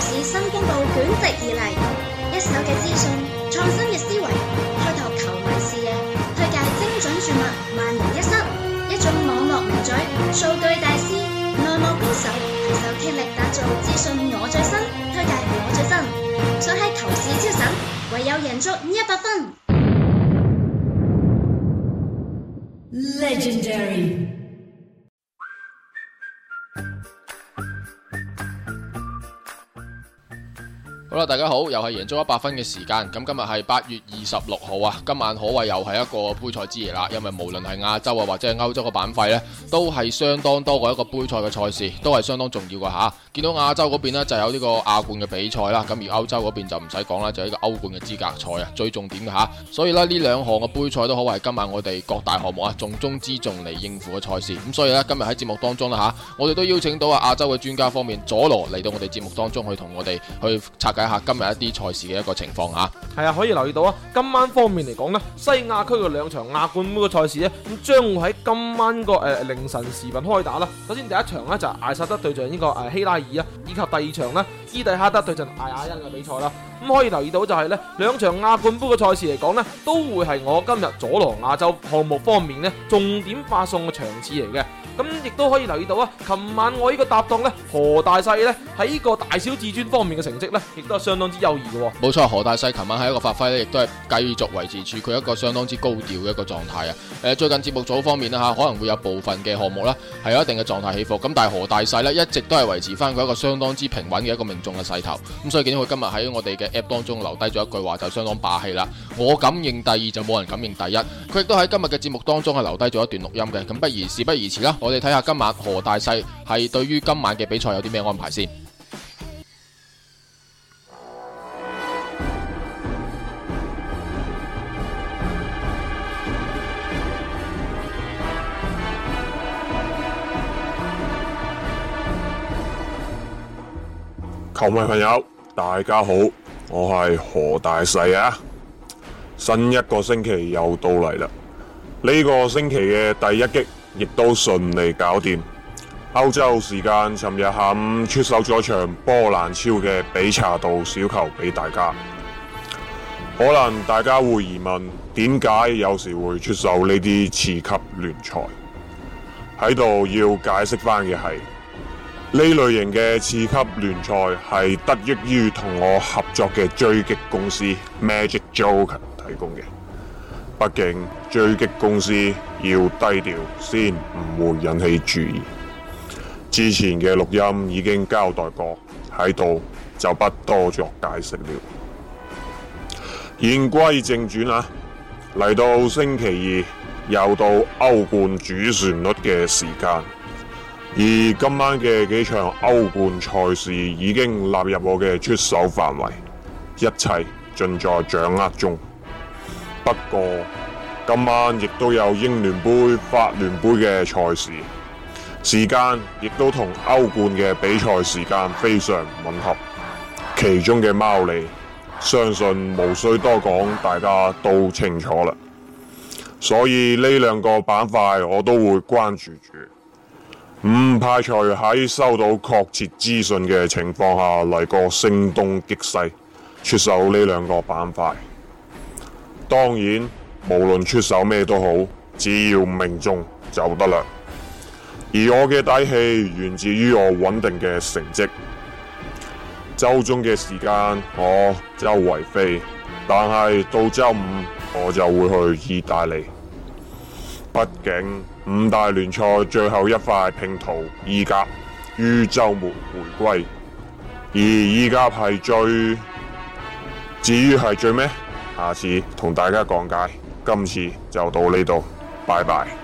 .市新風暴卷席而嚟，一手嘅資訊，創新嘅思維，開拓球迷視野，推介精準注物，萬無一失。一種網絡名嘴、數據大師，內幕高手，攜手傾力打造資訊我最新，推介我最新，想喺投市超神，唯有贏足一百分。Legendary。好啦，大家好，又係贏足一百分嘅時間。咁今日係八月二十六號啊，今晚可謂又係一個杯賽之夜啦。因為無論係亞洲啊，或者係歐洲嘅版費咧，都係相當多過一個杯賽嘅賽事，都係相當重要噶吓。見到亞洲嗰邊呢，就有呢個亞冠嘅比賽啦，咁而歐洲嗰邊就唔使講啦，就係一個歐冠嘅資格賽啊，最重點嘅吓，所以呢，呢兩項嘅杯賽都好為今晚我哋各大項目啊重中之重嚟應付嘅賽事，咁所以呢，今日喺節目當中啦吓，我哋都邀請到啊亞洲嘅專家方面佐羅嚟到我哋節目當中去同我哋去拆解下今日一啲賽事嘅一個情況吓，係啊，可以留意到啊，今晚方面嚟講呢，西亞區嘅兩場亞冠杯嘅賽事呢，咁將會喺今晚個誒、呃、凌晨時分開打啦。首先第一場呢，就係艾薩德對象呢、這個、呃、希拉。以及第二場呢，伊蒂哈德對陣艾雅恩嘅比賽啦，咁可以留意到就係呢兩場亞冠杯嘅賽事嚟講呢，都會係我今日佐羅亞洲項目方面呢重點發送嘅場次嚟嘅。咁亦都可以留意到啊，琴晚我呢個搭檔咧，何大細咧喺呢個大小至尊方面嘅成績咧，亦都係相當之優異嘅。冇錯，何大細琴晚喺一個發揮咧，亦都係繼續維持住佢一個相當之高調嘅一個狀態啊。誒，最近節目組方面啦吓，可能會有部分嘅項目啦係有一定嘅狀態起伏，咁但係何大細咧一直都係維持翻佢一個相當之平穩嘅一個命中嘅勢頭。咁所以見到佢今日喺我哋嘅 app 當中留低咗一句話就相當霸氣啦，我敢認第二就冇人敢認第一。佢亦都喺今日嘅節目當中係留低咗一段錄音嘅。咁不如事不宜遲啦！我哋睇下今晚何大世係對於今晚嘅比賽有啲咩安排先。球迷朋友，大家好，我係何大世啊！新一個星期又到嚟啦，呢個星期嘅第一擊。亦都順利搞掂。歐洲時間尋日下午出售咗場波蘭超嘅比查度小球俾大家。可能大家會疑問，點解有時會出售呢啲次級聯賽？喺度要解釋翻嘅係，呢類型嘅次級聯賽係得益於同我合作嘅追擊公司 Magic Joker 提供嘅。畢竟追擊公司要低調先，唔會引起注意。之前嘅錄音已經交代過，喺度就不多作解釋了。言歸正傳啊，嚟到星期二又到歐冠主旋律嘅時間，而今晚嘅幾場歐冠賽事已經納入我嘅出手範圍，一切盡在掌握中。不過今晚亦都有英聯杯、法聯杯嘅賽事，時間亦都同歐冠嘅比賽時間非常吻合，其中嘅貓膩，相信無需多講，大家都清楚啦。所以呢兩個板塊我都會關注住，唔、嗯、排除喺收到確切資訊嘅情況下嚟個聲東擊西，出手呢兩個板塊。當然，無論出手咩都好，只要命中就得啦。而我嘅底氣源自於我穩定嘅成績。周中嘅時間我周圍飛，但係到周五我就會去意大利。畢竟五大聯賽最後一塊拼圖，意甲於周末回歸，而意甲係最，至於係最咩？下次同大家講解，今次就到呢度，拜拜。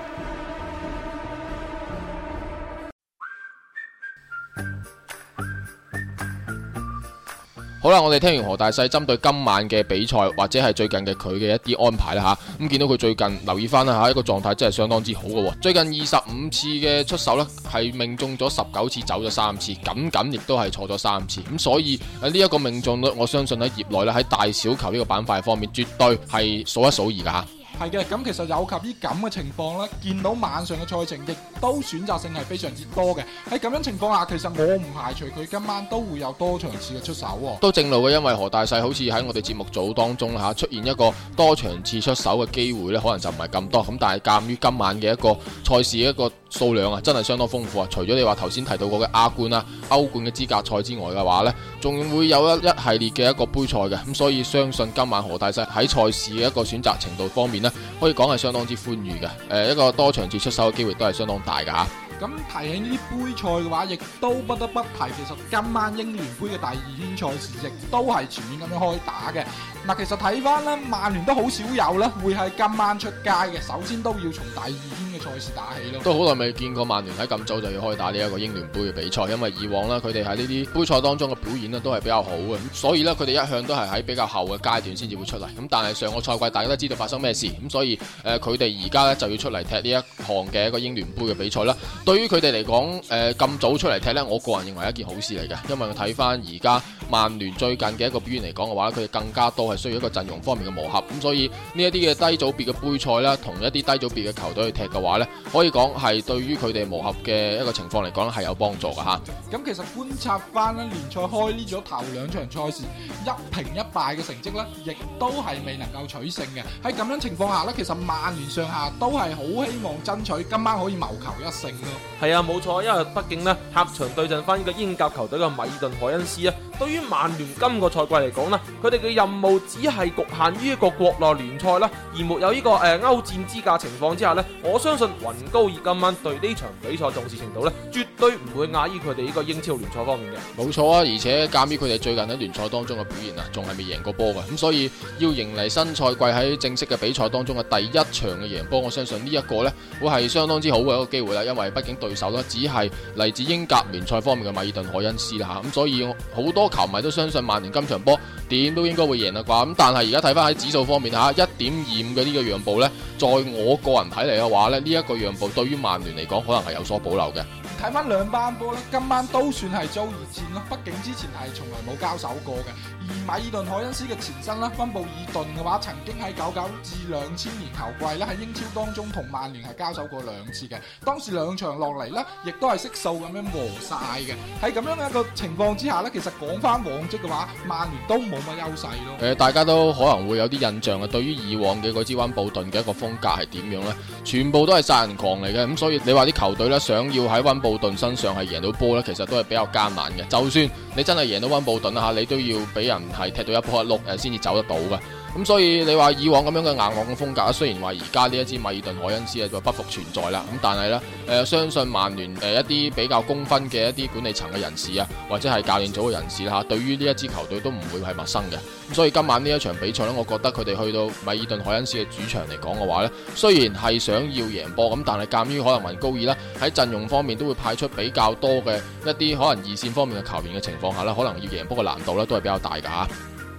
好啦，我哋聽完何大勢針對今晚嘅比賽或者係最近嘅佢嘅一啲安排啦吓，咁見到佢最近留意翻，啦吓，一個狀態真係相當之好嘅，最近二十五次嘅出手呢，係命中咗十九次，走咗三次，僅僅亦都係錯咗三次，咁所以喺呢一個命中率，我相信喺業內咧喺大小球呢個板塊方面絕對係數一數二噶吓。係嘅，咁其實有及於咁嘅情況啦。見到晚上嘅賽程，亦都選擇性係非常之多嘅。喺咁樣的情況下，其實我唔排除佢今晚都會有多場次嘅出手喎、哦。都正路嘅，因為何大細好似喺我哋節目組當中吓、啊、出現一個多場次出手嘅機會呢，可能就唔係咁多。咁但係鑑於今晚嘅一個賽事一個數量啊，真係相當豐富啊。除咗你話頭先提到過嘅亞冠啊、歐冠嘅資格賽之外嘅話呢，仲會有一一系列嘅一個杯賽嘅。咁、啊、所以相信今晚何大細喺賽事嘅一個選擇程度方面可以講係相當之寬裕嘅，誒、呃，一個多場次出手嘅機會都係相當大嘅吓、啊。咁提起呢啲杯賽嘅話，亦都不得不提，其實今晚英聯杯嘅第二圈賽事亦都係全面咁樣開打嘅。嗱，其實睇翻咧，曼聯都好少有啦，會係今晚出街嘅。首先都要從第二圈。賽事打起咯，都好耐未見過曼聯喺咁早就要開打呢一個英聯杯嘅比賽，因為以往呢，佢哋喺呢啲杯賽當中嘅表現呢都係比較好嘅，所以呢，佢哋一向都係喺比較後嘅階段先至會出嚟。咁但係上個賽季大家都知道發生咩事，咁所以誒佢哋而家呢就要出嚟踢呢一項嘅一個英聯杯嘅比賽啦。對於佢哋嚟講，誒咁早出嚟踢呢，我個人認為係一件好事嚟嘅，因為我睇翻而家。曼聯最近嘅一個表現嚟講嘅話，佢哋更加多係需要一個陣容方面嘅磨合，咁所以呢一啲嘅低組別嘅杯賽啦，同一啲低組別嘅球隊去踢嘅話呢，可以講係對於佢哋磨合嘅一個情況嚟講係有幫助嘅嚇。咁其實觀察翻呢，聯賽開呢咗頭兩場賽事一平一敗嘅成績呢，亦都係未能夠取勝嘅。喺咁樣情況下呢，其實曼聯上下都係好希望爭取今晚可以謀求一勝咯。係啊，冇錯，因為畢竟呢，客場對陣翻呢個英甲球隊嘅米爾頓凱恩斯啊，對於於曼聯今個賽季嚟講呢，佢哋嘅任務只係局限於一個國內聯賽啦，而沒有呢個誒歐、呃、戰資格情況之下呢，我相信雲高爾今晚對呢場比賽重視程度呢絕對唔會亞於佢哋呢個英超聯賽方面嘅。冇錯啊，而且鑑於佢哋最近喺聯賽當中嘅表現啊，仲係未贏過波嘅，咁所以要迎嚟新賽季喺正式嘅比賽當中嘅第一場嘅贏波，我相信呢一個呢會係相當之好嘅一個機會啦。因為畢竟對手咧只係嚟自英甲聯賽方面嘅米爾頓海恩斯啦吓，咁所以好多球。唔係都相信曼聯今場波點都應該會贏啦啩，咁但係而家睇翻喺指數方面下一點二五嘅呢個讓步呢，在我個人睇嚟嘅話呢，呢一個讓步對於曼聯嚟講可能係有所保留嘅。睇翻兩班波呢，今晚都算係遭遇戰咯，畢竟之前係從來冇交手過嘅。而馬爾頓·海恩斯嘅前身咧，溫布爾頓嘅話，曾經喺九九至兩千年球季咧喺英超當中同曼聯係交手過兩次嘅。當時兩場落嚟呢，亦都係悉數咁樣和晒嘅。喺咁樣一個情況之下呢，其實講翻往績嘅話，曼聯都冇乜優勢嘅。誒、呃，大家都可能會有啲印象啊。對於以往嘅嗰支溫布頓嘅一個風格係點樣呢？全部都係殺人狂嚟嘅。咁所以你話啲球隊呢，想要喺溫布頓身上係贏到波呢，其實都係比較艱難嘅。就算你真係贏到溫布頓啊嚇，你都要俾人。唔係踢到一波一碌誒先至走得到嘅。咁所以你話以往咁樣嘅硬朗嘅風格啊，雖然話而家呢一支米爾頓凱恩斯啊就不復存在啦，咁但係呢，誒，相信曼聯誒一啲比較功勳嘅一啲管理層嘅人士啊，或者係教練組嘅人士啦嚇，對於呢一支球隊都唔會係陌生嘅。咁所以今晚呢一場比賽呢，我覺得佢哋去到米爾頓凱恩斯嘅主場嚟講嘅話呢，雖然係想要贏波咁，但係鑑於可能雲高爾啦喺陣容方面都會派出比較多嘅一啲可能二線方面嘅球員嘅情況下呢，可能要贏波嘅難度呢都係比較大㗎嚇。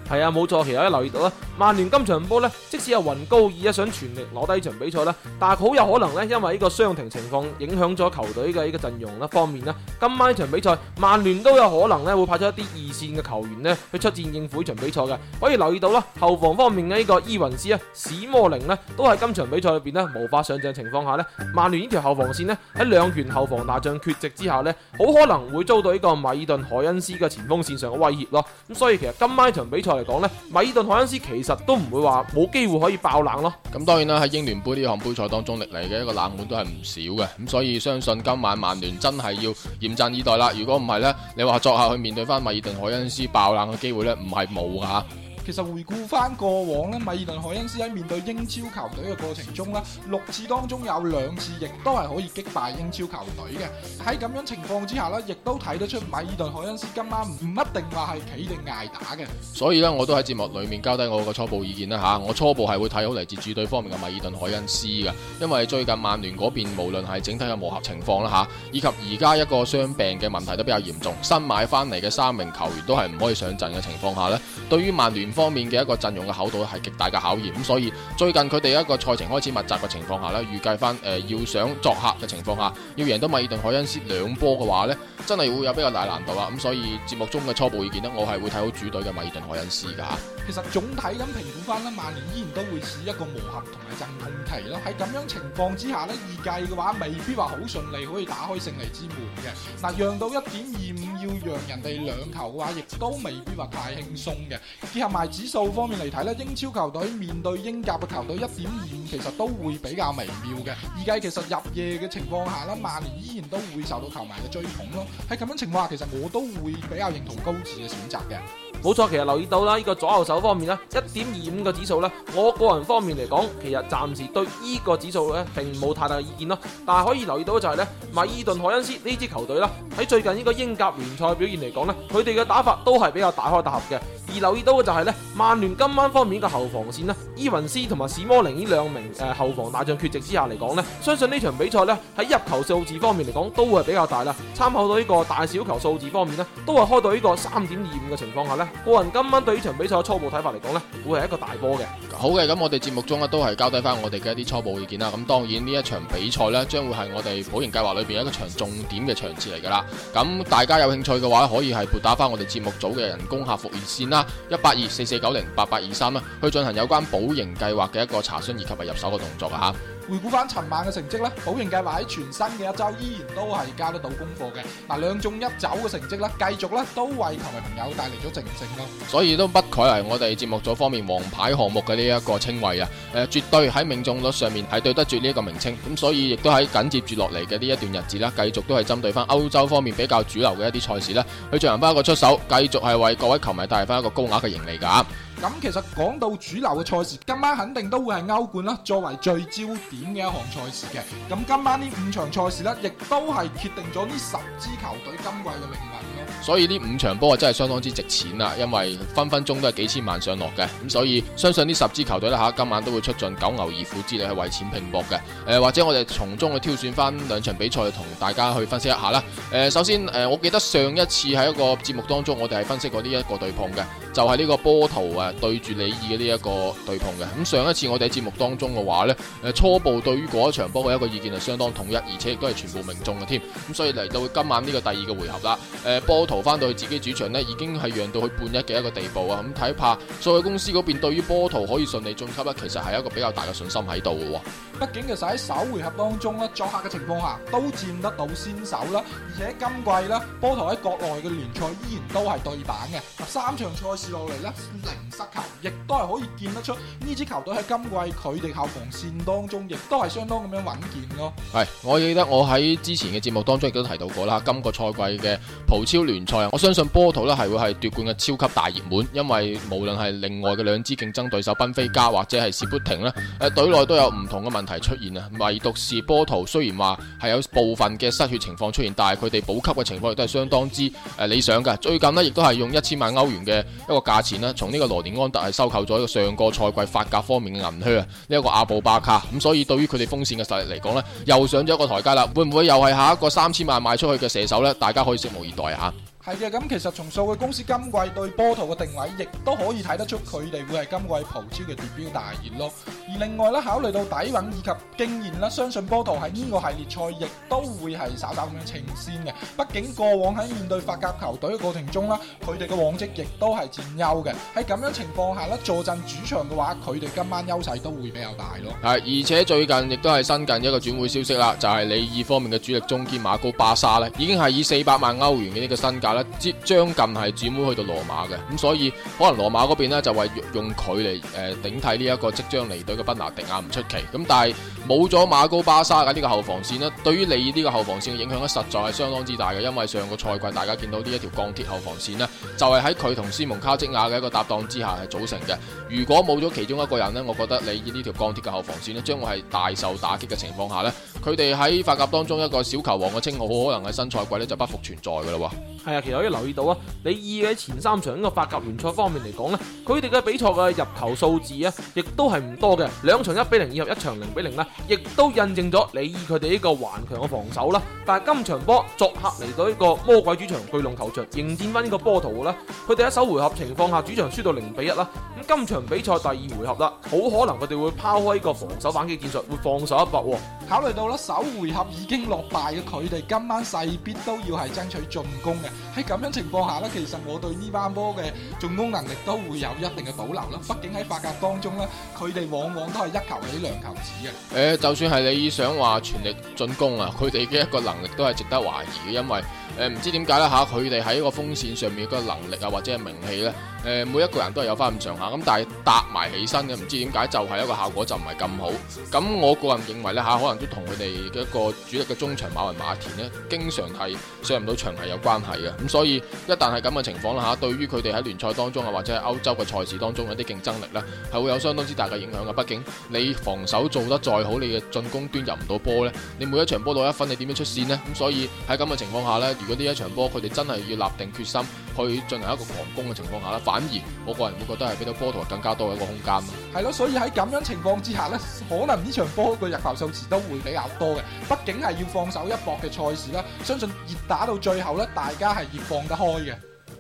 係啊，冇錯，其實咧留意到啦。曼聯今場波咧，即使係雲高爾想全力攞低呢場比賽啦，但係好有可能咧，因為呢個傷停情況影響咗球隊嘅呢個陣容啦方面啦。今晚呢場比賽，曼聯都有可能咧會派出一啲二線嘅球員咧去出戰應付呢場比賽嘅。可以留意到啦，後防方面嘅呢個伊雲斯啊、史摩寧咧，都係今場比賽裏邊咧無法上陣情況下咧，曼聯呢條後防線咧喺兩員後防大將缺席之下咧，好可能會遭到呢個米爾頓海恩斯嘅前鋒線上嘅威脅咯。咁所以其實今晚呢場比賽嚟講咧，米爾頓海恩斯其實其實都唔會話冇機會可以爆冷咯。咁當然啦，喺英聯杯呢項杯賽當中，歷嚟嘅一個冷門都係唔少嘅。咁所以相信今晚曼聯真係要嚴陣以待啦。如果唔係呢，你話作下去面對翻米爾頓凱恩斯爆冷嘅機會呢，唔係冇噶。其實回顧翻過往咧，米爾頓凱恩斯喺面對英超球隊嘅過程中呢，六次當中有兩次亦都係可以擊敗英超球隊嘅。喺咁樣的情況之下呢，亦都睇得出米爾頓凱恩斯今晚唔一定話係企定挨打嘅。所以呢，我都喺節目裏面交低我個初步意見啦吓，我初步係會睇好嚟自主隊方面嘅米爾頓凱恩斯嘅，因為最近曼聯嗰邊無論係整體嘅磨合情況啦吓，以及而家一個傷病嘅問題都比較嚴重，新買翻嚟嘅三名球員都係唔可以上陣嘅情況下呢，對於曼聯。方面嘅一個陣容嘅厚度係極大嘅考驗，咁所以最近佢哋一個賽程開始密集嘅情況下咧，預計翻誒要想作客嘅情況下要贏到米爾頓凱恩斯兩波嘅話咧，真係會有比較大難度啊，咁所以節目中嘅初步意見咧，我係會睇好主隊嘅米爾頓凱恩斯噶吓。其實總體咁評估翻咧，曼聯依然都會係一個磨合同埋陣痛期啦，喺咁樣情況之下咧，預計嘅話未必話好順利可以打開勝利之門嘅。嗱，讓到一點二五要讓人哋兩球嘅話，亦都未必話太輕鬆嘅。結合指數方面嚟睇咧，英超球隊面對英甲嘅球隊一點二五其實都會比較微妙嘅。而家其實入夜嘅情況下咧，曼聯依然都會受到球迷嘅追捧咯。喺咁樣情況下，其實我都會比較認同高志嘅選擇嘅。冇錯，其實留意到啦，呢、這個左右手方面咧，一點二五嘅指數咧，我個人方面嚟講，其實暫時對呢個指數咧並冇太大意見咯。但係可以留意到的就係、是、咧，米爾頓凱恩斯呢支球隊啦，喺最近呢個英甲聯賽表現嚟講咧，佢哋嘅打法都係比較大開大合嘅。而留意到嘅就係咧，曼聯今晚方面嘅後防線咧，伊雲斯同埋史摩寧呢兩名誒後防大將缺席之下嚟講咧，相信呢場比賽咧喺入球數字方面嚟講都會比較大啦。參考到呢個大小球數字方面咧，都係開到呢個三點二五嘅情況下咧，個人今晚對呢場比賽嘅初步睇法嚟講咧，會係一個大波嘅。好嘅，咁我哋節目中咧都係交代翻我哋嘅一啲初步意見啦。咁當然呢一場比賽咧，將會係我哋保贏計劃裏邊一個場重點嘅場次嚟噶啦。咁大家有興趣嘅話，可以係撥打翻我哋節目組嘅人工客服熱線啦。一八二四四九零八八二三啦，3，去進行有關保營計劃嘅一個查詢以及入手嘅動作啊吓。回顧翻尋晚嘅成績咧，寶盈計劃喺全新嘅一周依然都係交得到功課嘅。嗱，兩中一走嘅成績咧，繼續咧都為球迷朋友帶嚟咗淨勝咯。所以都不愧係我哋節目組方面王牌項目嘅呢一個稱謂啊！誒、呃，絕對喺命中率上面係對得住呢一個名稱。咁所以亦都喺緊接住落嚟嘅呢一段日子啦，繼續都係針對翻歐洲方面比較主流嘅一啲賽事咧，去進行翻一個出手，繼續係為各位球迷帶翻一個高額嘅盈利噶。咁其實講到主流嘅賽事，今晚肯定都會係歐冠啦，作為最焦點嘅一項賽事嘅。咁今晚呢五場賽事咧，亦都係決定咗呢十支球隊今季嘅命運。所以呢五場波啊，真係相當之值錢啦，因為分分鐘都係幾千萬上落嘅，咁所以相信呢十支球隊咧吓，今晚都會出盡九牛二虎之力去為錢拼搏嘅。誒、呃，或者我哋從中去挑選翻兩場比賽，同大家去分析一下啦。誒、呃，首先誒、呃，我記得上一次喺一個節目當中，我哋係分析過呢一個對碰嘅，就係、是、呢個波圖啊對住里爾嘅呢一個對碰嘅。咁上一次我哋喺節目當中嘅話咧，誒初步對於嗰一場波嘅一個意見係相當統一，而且亦都係全部命中嘅添。咁所以嚟到今晚呢個第二個回合啦，誒、呃、波，逃翻到去自己主場呢，已經係讓到去半一嘅一個地步啊！咁睇怕賽事公司嗰邊對於波圖可以順利晉級咧，其實係一個比較大嘅信心喺度喎。畢竟其實喺首回合當中呢，作客嘅情況下都佔得到先手啦。而且今季呢，波圖喺國內嘅聯賽依然都係對版嘅。三場賽事落嚟呢，零失球，亦都係可以見得出呢支球隊喺今季佢哋後防線當中，亦都係相當咁樣穩健咯。係，我記得我喺之前嘅節目當中亦都提到過啦，今個賽季嘅葡超聯賽我相信波圖咧係會係奪冠嘅超級大熱門，因為無論係另外嘅兩支競爭對手賓菲加或者係士砵亭咧，誒隊內都有唔同嘅問題出現啊。唯獨是波圖，雖然話係有部分嘅失血情況出現，但係佢哋補給嘅情況亦都係相當之誒理想噶。最近呢，亦都係用一千萬歐元嘅一個價錢咧，從呢個羅甸安特係收購咗上個賽季法甲方面嘅銀靴呢一個阿布巴卡，咁所以對於佢哋鋒線嘅實力嚟講呢又上咗一個台階啦。會唔會又係下一個三千萬賣出去嘅射手呢？大家可以拭目以待吓、啊。係嘅，咁其實從數據公司今季對波圖嘅定位，亦都可以睇得出佢哋會係今季葡超嘅奪標大熱咯。而另外咧，考慮到底蘊以及經驗啦，相信波圖喺呢個系列賽亦都會係稍稍咁樣稱先嘅。畢竟過往喺面對法甲球隊嘅過程中啦，佢哋嘅往績亦都係佔優嘅。喺咁樣情況下啦，坐鎮主場嘅話，佢哋今晚優勢都會比較大咯。係，而且最近亦都係新近一個轉會消息啦，就係里爾方面嘅主力中堅馬高巴沙咧，已經係以四百萬歐元嘅呢個身價。即將近係姊妹去到羅馬嘅，咁所以可能羅馬嗰邊呢，就為用佢嚟，誒頂替呢一個即將離隊嘅賓拿迪亞唔出奇，咁但係冇咗馬高巴沙嘅呢個後防線呢，對於你呢個後防線嘅影響呢，實在係相當之大嘅，因為上個賽季大家見到呢一條鋼鐵後防線呢，就係喺佢同斯蒙卡積亞嘅一個搭檔之下係組成嘅，如果冇咗其中一個人呢，我覺得你呢條鋼鐵嘅後防線呢，將會係大受打擊嘅情況下呢。佢哋喺法甲當中一個小球王嘅稱號，好可能喺新賽季咧就不復存在噶啦喎。係啊，其實可以留意到啊，里爾喺前三場呢個法甲聯賽方面嚟講呢，佢哋嘅比賽嘅入球數字啊，亦都係唔多嘅，兩場一比零，以及一場零比零啦，亦都印證咗里爾佢哋呢個頑強嘅防守啦。但係今場波作客嚟到呢個魔鬼主場巨龍球場，迎戰翻呢個波圖啦，佢哋一手回合情況下主場輸到零比一啦。咁今場比賽第二回合啦，好可能佢哋會拋開呢個防守反擊戰術，會放手一搏。考慮到啦。首回合已經落敗嘅佢哋，今晚勢必都要係爭取進攻嘅。喺咁樣情況下咧，其實我對呢班波嘅進攻能力都會有一定嘅保留啦。畢竟喺法甲當中咧，佢哋往往都係一球起兩球止嘅。誒，就算係你想話全力進攻啊，佢哋嘅一個能力都係值得懷疑嘅，因為。誒，唔知點解啦吓，佢哋喺一個鋒線上面嘅能力啊，或者係名氣呢，誒，每一個人都係有翻咁上下，咁但係搭埋起身嘅，唔知點解就係一個效果就唔係咁好。咁我個人認為呢，吓，可能都同佢哋嘅一個主力嘅中場馬雲馬田呢，經常係上唔到場係有關係嘅。咁所以一旦係咁嘅情況啦吓，對於佢哋喺聯賽當中啊，或者係歐洲嘅賽事當中一啲競爭力呢，係會有相當之大嘅影響嘅。畢竟你防守做得再好，你嘅進攻端入唔到波呢，你每一場波到一分，你點樣出線呢？咁所以喺咁嘅情況下呢。如果呢一場波佢哋真係要立定決心去進行一個狂攻嘅情況下啦，反而我個人會覺得係俾到波圖更加多嘅一個空間咯。係咯，所以喺咁樣情況之下呢，可能呢場波嘅入球數字都會比較多嘅，畢竟係要放手一搏嘅賽事啦。相信越打到最後咧，大家係越放得開嘅。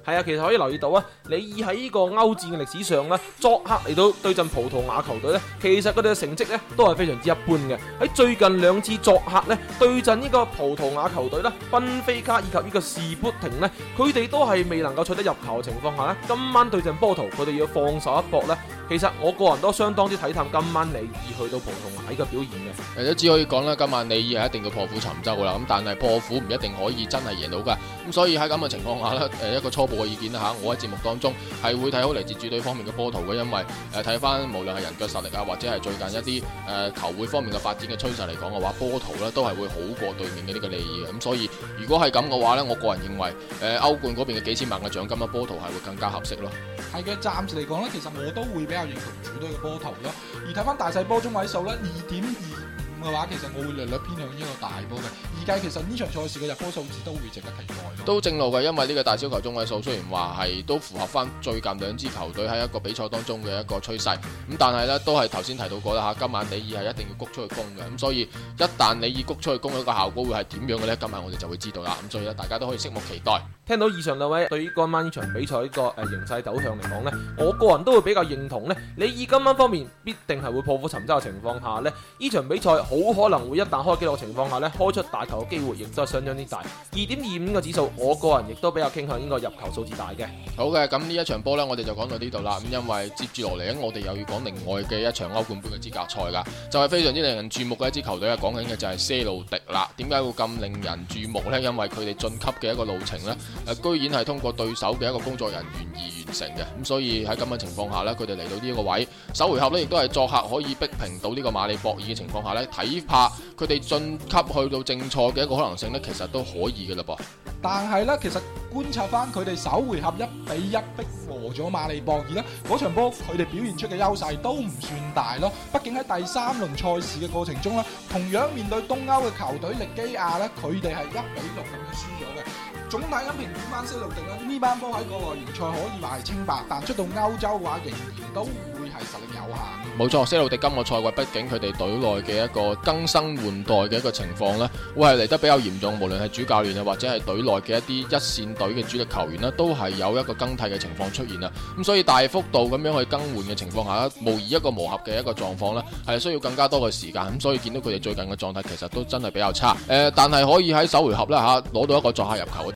係啊，其實可以留意到啊，里爾喺呢個歐戰嘅歷史上呢，作客嚟到對陣葡萄牙球隊呢，其實佢哋嘅成績呢都係非常之一般嘅。喺最近兩次作客呢，對陣呢個葡萄牙球隊呢，賓菲卡以及呢個士砵亭咧，佢哋都係未能夠取得入球嘅情況下呢。今晚對陣波圖，佢哋要放手一搏呢。其實我個人都相當之睇淡今晚里爾去到葡萄牙嘅表現嘅。都只可以講啦，今晚里爾係一定要破釜沉舟噶啦。咁但係破釜唔一定可以真係贏到噶。咁所以喺咁嘅情況下呢，一個初步。我個意見吓，我喺節目當中係會睇好嚟自主隊方面嘅波圖嘅，因為誒睇翻無論係人腳實力啊，或者係最近一啲誒、呃、球會方面嘅發展嘅趨勢嚟講嘅話，波圖咧都係會好過對面嘅呢個利益嘅，咁所以如果係咁嘅話咧，我個人認為誒歐、呃、冠嗰邊嘅幾千萬嘅獎金啊，波圖係會更加合適咯。係嘅，暫時嚟講咧，其實我都會比較認同主隊嘅波圖咯，而睇翻大細波中位數咧，二點二。嘅話，其實我會略略偏向呢個大波嘅。而家其實呢場賽事嘅入波數字都會值得期待，都正路嘅，因為呢個大小球中位數雖然話係都符合翻最近兩支球隊喺一個比賽當中嘅一個趨勢。咁但係呢都係頭先提到過啦吓，今晚你已係一定要谷出去攻嘅。咁所以一旦你已谷出去攻，一個效果會係點樣嘅呢？今晚我哋就會知道啦。咁所以咧，大家都可以拭目期待。聽到以上兩位對於今晚呢場比賽個誒形勢走向嚟講呢，我個人都會比較認同呢：你以今晚方面必定係會破釜沉舟嘅情況下呢，呢場比賽。好可能會，一旦開記錄情況下呢，開出大球嘅機會亦都係相當之大。二點二五個指數，我個人亦都比較傾向呢個入球數字大嘅。好嘅，咁呢一場波呢，我哋就講到呢度啦。咁因為接住落嚟我哋又要講另外嘅一場歐冠杯嘅資格賽噶，就係非常之令人注目嘅一支球隊啊！講緊嘅就係些路迪啦。點解會咁令人注目呢？因為佢哋晉級嘅一個路程呢，居然係通過對手嘅一個工作人員而完成嘅。咁所以喺咁嘅情況下呢，佢哋嚟到呢個位，首回合呢，亦都係作客可以逼平到呢個馬里博爾嘅情況下呢。睇怕佢哋晉級去到正賽嘅一個可能性呢，其實都可以嘅嘞噃。但係呢，其實觀察翻佢哋首回合一比一逼和咗馬里博爾呢，嗰場波佢哋表現出嘅優勢都唔算大咯。畢竟喺第三輪賽事嘅過程中呢，同樣面對東歐嘅球隊力基亞呢，佢哋係一比六咁樣輸咗嘅。總體咁評估翻斯路迪呢班波喺國內聯賽可以話係清白，但出到歐洲嘅話，仍然都會係實力有限。冇錯，斯路迪今個賽季畢竟佢哋隊內嘅一個更新換代嘅一個情況呢，會係嚟得比較嚴重。無論係主教練啊，或者係隊內嘅一啲一線隊嘅主力球員呢，都係有一個更替嘅情況出現啦。咁所以大幅度咁樣去更換嘅情況下，無疑一個磨合嘅一個狀況呢，係需要更加多嘅時間。咁所以見到佢哋最近嘅狀態其實都真係比較差。誒、呃，但係可以喺首回合咧吓攞到一個作客入球。